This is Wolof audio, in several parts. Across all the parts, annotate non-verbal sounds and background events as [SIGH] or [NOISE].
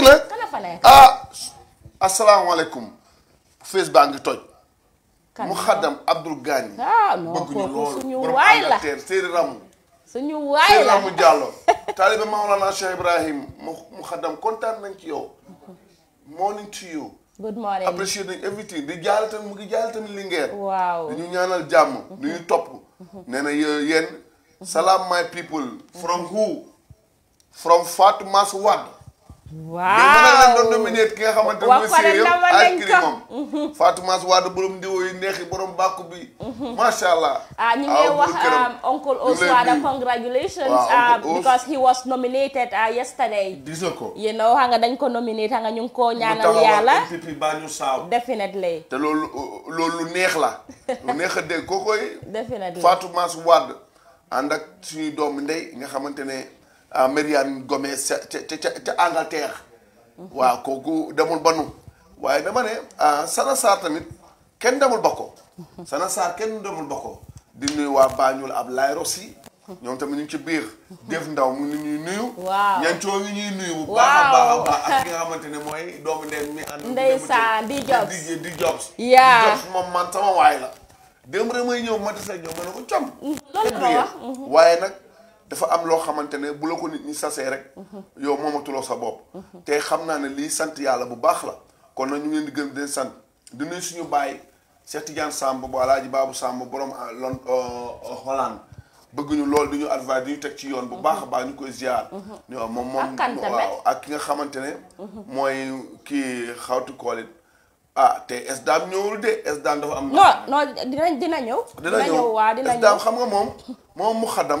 léegi nag ah baa ngi toj. mu xaddam Abdoul Gani. ah non kooku suñu waay la bëgguñu loolu borom Angleterre Seydi Ramou. waay la Seydi Ramou Diallo. [LAUGHS] taaliba Maolana Cheikh Ibrahim mu xaddam kontaan nañ ci yow. morning to you. good morning nañ everything di jaale tamit mu ngi jaale tamit Linguère. waaw dañu ñaanal jàmm. nu mm-hmm. ñu topp. Mm-hmm. nee na yéen. salaam my people. from who. from Fatou Mass Wade. waaw mais mën na doon nominé ki nga xamante ne mooy séeréer ak kii moom [LAUGHS] Fatou Mass yi neexi borom bàkku bi. Mhm. macha allah. ah ñu ngi ah, wax oncle um, Oswada congratulations. Um, because he was nominated uh, yesterday. gisal ko you know xam dañ ko nominate xam nga ñu ngi koo ñaanal yàlla. mu taxawal baa ñu saaw. definitely. te loolu loolu lu neex la. lu neex a dégg kookoy. definitely Fatou Mass Wade ànd ak suñuy doom ndey nga xamante ne. Marianne Gomez ca ca ca ca Angleterre. waaw kooku demul ba nu. waaye dama ne ah, Sana Sarr tamit kenn demul ba ko. Sana Sarr kenn demul ba ko. di nuyu waa Bañul ab Laay Rossi. ñoom tamit ñu ngi ci biir. def ndaw mu ngi ñuy nuyu. waaw ñancoo yi ñuy nuyu. baax a baax ak ki nga xamante ne mooy doomu ndey mi ànd. ndeysaan di Jobs di Jobs. yaa di man sama waay la. démb rek may ñëw ma tase ñëw ma ne ko com. Mm, loolu la mm-hmm. waaye nag. dafa am loo xamante ne bu la ko nit ñi sasee rek. yow moomatuloo sa bopp. te xam naa ne lii sant yàlla bu baax la kon nag ñu ngi leen di gërëm di leen sant di nuyu suñu bàyyi Cheikh Tidiane Samb bu Alaaji Baabu Samb borom a euh, euh, Hollande bëgguñu lool di ñu advice di ñu teg ci yoon bu baax a baax ñu koy ziar. ñoo moom moom waaw ak ki nga xamante ne. mooy kii xawtu koolit ah ñëwul de SDAM dafa am. non non dinañ dina ñëw. dina ñëw xam nga moom moom mu xaddam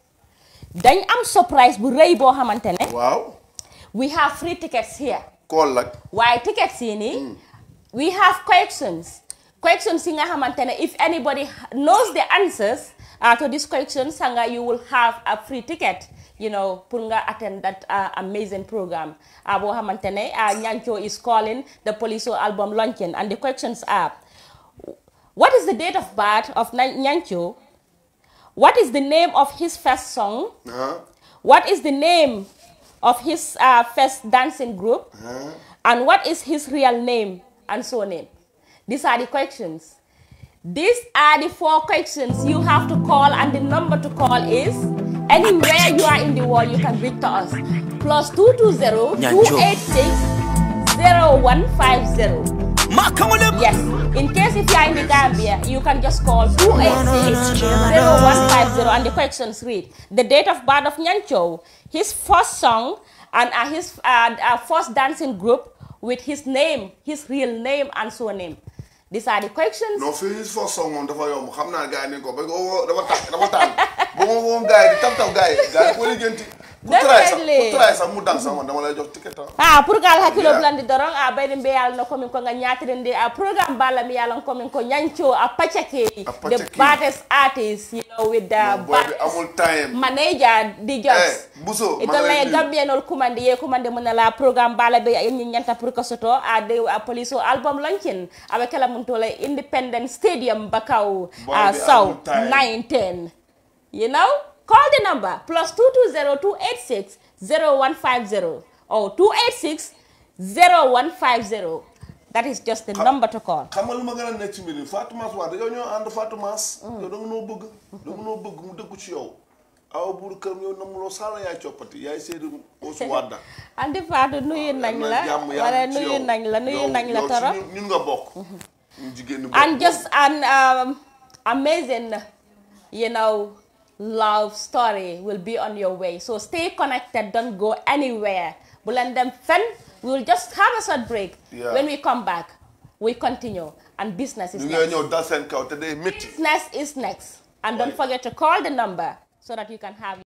dañ am surprise bu rëy boo xamante ne. waaw. we have free tickets here. call tickets yi mm. we have questions. questions yi nga xamante ne if anybody knows the answers ah, to these questions sanga you will have a free ticket. you nga Punga attend that uh, amazing program. Abu uh, Hamantene, uh, ah, Nyancho is calling the Poliso album launching, and the questions are What is the date of of Nyancho what is the name of his first song? Uh -huh. What is the name of his uh, first dancing group? Uh -huh. And what is his real name and so on? These are the questions. These are the four questions you have to call, and the number to call is anywhere you are in the world, you can reach to us. Plus 220 286 0150. Yes. In case if you are in the Gambia, you can just call 286-0150 and the questions read the date of birth of Nyancho, his first song and uh, his uh, uh, first dancing group with his name, his real name and surname. These are the questions. No, finish for someone to I'm not going to go. go, Go, go, going to ha ah, pour gal hakkilo blandi doron a ah, ɓayde mbiyal no komin ko ga ñatiren nde a ah, programme ballam yalan komin ko ñanco a pacakeji the bates artist you with the manager dijos eh, itollaye gambiyenol kumande ye kumande munala programme bala ɓe ñin ñanta pour que soto a de a police o album lancin aɓa kala mum tola independent stadium bakaw uh, saw 9 10 you the number plus 220 0150 or 286 0150. That is just the number to call. xamal ma gën a nekk ci mbir Mass wax dañoo ñëw ànd Fatou Mass. Mm. yow da noo bëgg. mu dëggu ci yow. aw buur këram yow namuloo saala yaay coppati yaay seedu Ousou Wada. [LAUGHS] andi Fatou nuyu nañ la nuyu nañ la nuyu nañ nga bokk. Mm-hmm. ñu jigéen ñi love story will be on your way so stay connected don't go anywhere bu fen we will just have a short break when we come back we continue and business is next business is next and don't forget to call the number so that you can have